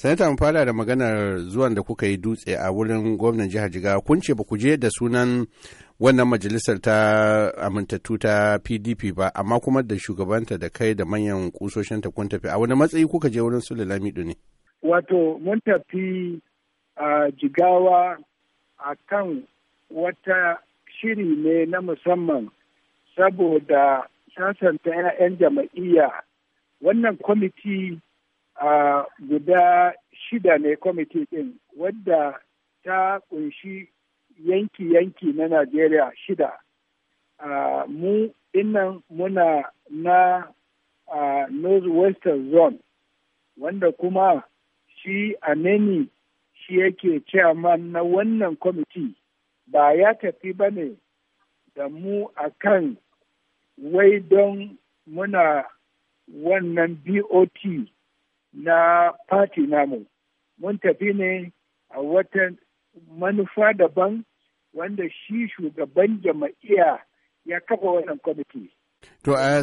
sanata mu fara da maganar zuwan da kuka yi dutse a wurin gwamnan jihar jigawa kun ce ba ku je da sunan wannan majalisar ta amintattu ta pdp ba amma kuma da shugabanta da kai da manyan kusoshin ta kun tafi a wani matsayi kuka je wurin su lamido ne wato mun tafi a jigawa a kan wata shiri ne na musamman saboda sasanta 'yan jama'iyya wannan kwamiti a guda shida ne kwamiti ɗin wadda ta kunshi yanki-yanki na Najeriya shida. Mu innan muna na western Zone wanda kuma shi a Ameni shi yake chairman na wannan kwamiti ba ya tafi ba ne da mu a kan wai don muna wannan BOT na fati namu mun tafi ne a wata manufa daban wanda shi shugaban jama'iya ya kafa wannan kwamiti. To, eh, a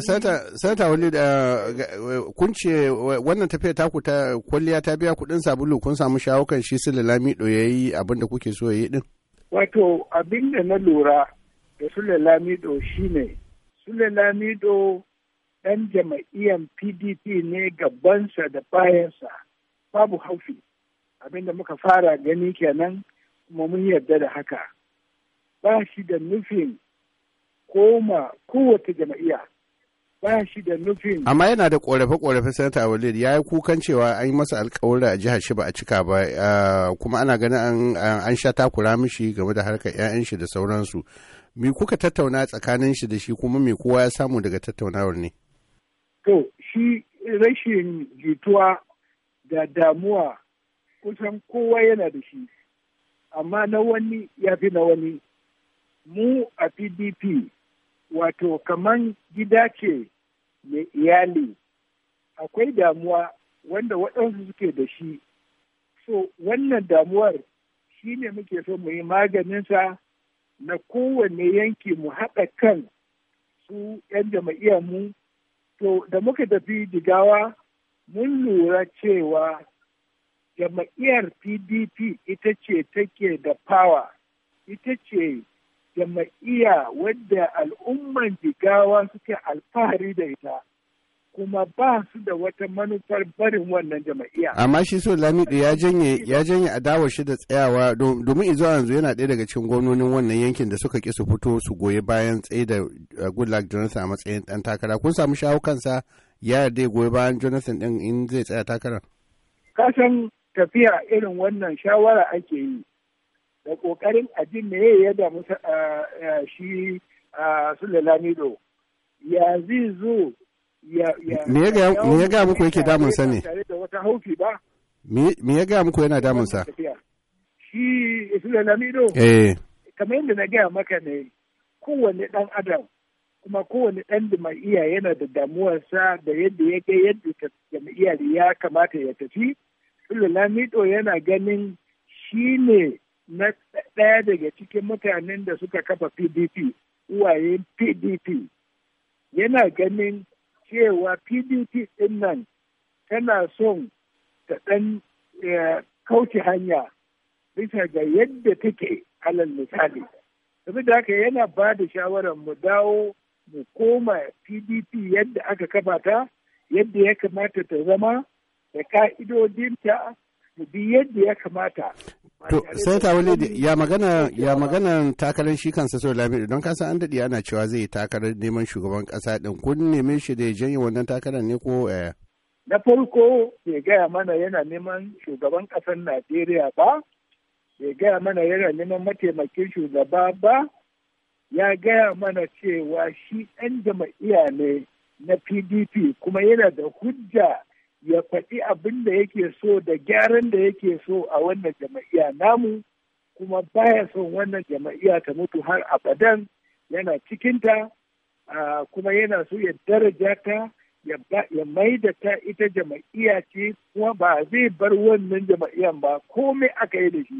sata wani da eh, kun ce wannan tafiya ku ta kwalliya ta biya kuɗin sabulu kun samu shawukan shi su lalamido ya yi abin da kuke so ya yi din? Wato, abin na lura da su do shi ne, su do ɗan jama'iyyar pdp ne gabansa da bayansa babu haufi abinda muka fara gani kenan kuma mun yarda da haka ba shi da nufin koma kowace jama'iyya ba shi da nufin amma yana da korafe-korafe sanata walid ya yi kukan cewa an yi masa alkawarin a jihar shi ba a cika ba eh, kuma ana ganin an sha takura mishi game da harkar 'ya'yan shi da sauransu me kuka tattauna tsakanin shi da shi kuma me kowa ya samu daga tattaunawar ne To, shi rashin jituwa da damuwa kusan kowa yana da shi, amma na wani ya fi na wani. Mu a PDP, wato kaman gida ce mai iyali, akwai damuwa wanda waɗansu suke da shi. So, wannan damuwar shi ne muke so mu yi maganinsa na kowane yanki mu haɗa kan su 'yan jama'iyyar mu To da muka tafi jigawa mun lura cewa jama'iyyar PDP ita ce take da power, ita ce jama'iyya wadda al'umman jigawa suke alfahari da ita. kuma ba su da wata manufar barin wannan jama'iyya. Amma shi so Lamidu ya janye ya janye adawar shi da tsayawa domin izo yanzu yana ɗaya daga cikin gwamnonin wannan yankin da suka ki su fito su goyi bayan tsaye da uh, Goodluck Jonathan a matsayin ɗan takara. Kun samu shawo kansa ya yarda ya goyi bayan Jonathan ɗin in zai tsaya takara. Kasan tafiya irin wannan shawara ake yi da ƙoƙarin ajin ne ya damu uh, uh, shi Sule Lamido. Ya zai zo me ya ga muku yake damunsa ne me ya ga muku yana damunsa shi da lamido eh kamar yadda na gaya maka ne kowane ɗan adam kuma kowane ɗan 'iya yana da damuwarsa da yadda ya ga yadda jam'iyyar ya kamata ya tafi isla lamido yana ganin shi ne na ɗaya daga cikin mutanen da suka kafa pdp uwayen pdp yana ganin cewa pdp ɗin nan tana son ta ɗan eh, kauce hanya bisa ga yadda take alal misali da haka yana ba da shawarar mu dawo mu koma pdp yadda aka kafa ta yadda ya kamata ta zama da ka'idodinta mu bi yadda ya kamata To sai ta ya magana ya magana takarar shi kansa sau lamiri don kasa an daɗe ana cewa zai takarar neman shugaban ƙasa ɗin kun neme shi da ya janye wannan takarar ne ko eh? Na farko bai gaya mana yana neman shugaban ƙasar Najeriya ba, bai gaya mana yana neman mataimakin shugaba ba, ya gaya mana cewa shi ɗan jama'iya ne na PDP kuma yana da hujja ya faɗi abin da yake so da gyaran da yake so a wannan jama'iya namu kuma baya son wannan jama'iya ta mutu har abadan yana cikinta kuma yana so ya daraja ta ya maida ta ita jama'iya ce kuma ba zai bar wannan jama'iyan ba komai aka yi da shi